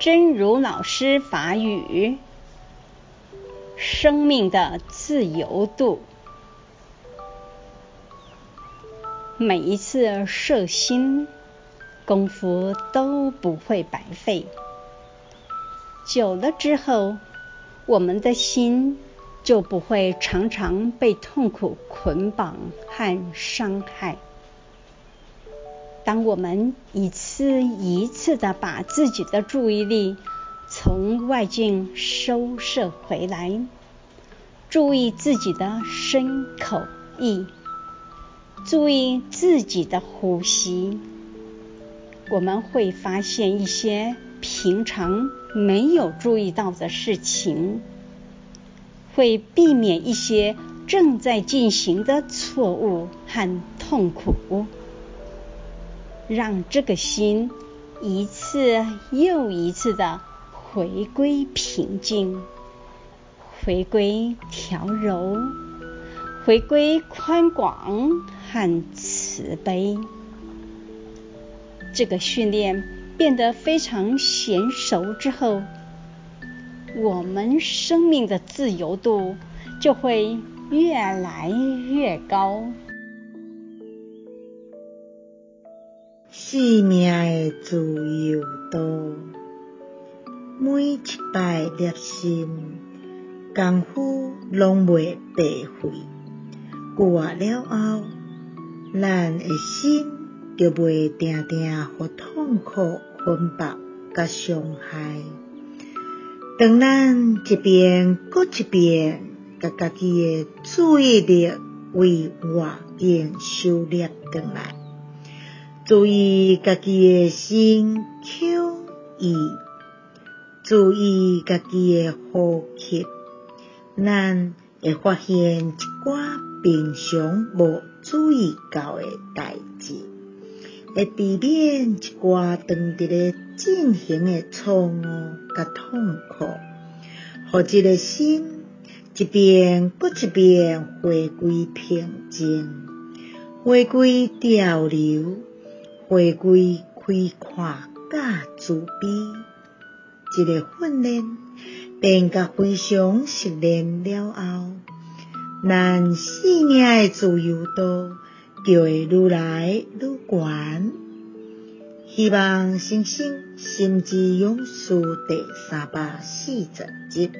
真如老師法語：生命的自由度，每一次攝心，功夫都不會白費。久了之後，我們的心就不會常常被痛苦捆綁和傷害。當我們一次一次地把自己的注意力從外境收攝回來，注意自己的身、口、意，注意自己的呼吸，我們會發現一些平常沒有注意到的事情，會避免一些正在進行的錯誤和痛苦。讓這個心一次又一次的回歸平靜，回歸調柔，回歸寬廣和慈悲。這個訓練變得非常嫻熟之後，我們生命的自由度就會越來越高。生命的自由度，每一擺攝心功夫攏未白費。過了後，咱的心就未定定，互痛苦、分別、甲傷害。等咱一遍閣一遍，甲家己個的注意力為外境收攝回來。注意家己個身口意，注意家己個呼吸，咱會發現一寡平常無注意到個代志，會避免一寡當佇個進行個錯誤甲痛苦，讓一個心一遍過一遍回歸平靜，回歸調柔。回歸開闊甲慈悲，一個訓練變甲非常熟練了後，咱性命的自由度就會愈來愈懸。希望新生心，心之勇士第三百四十集。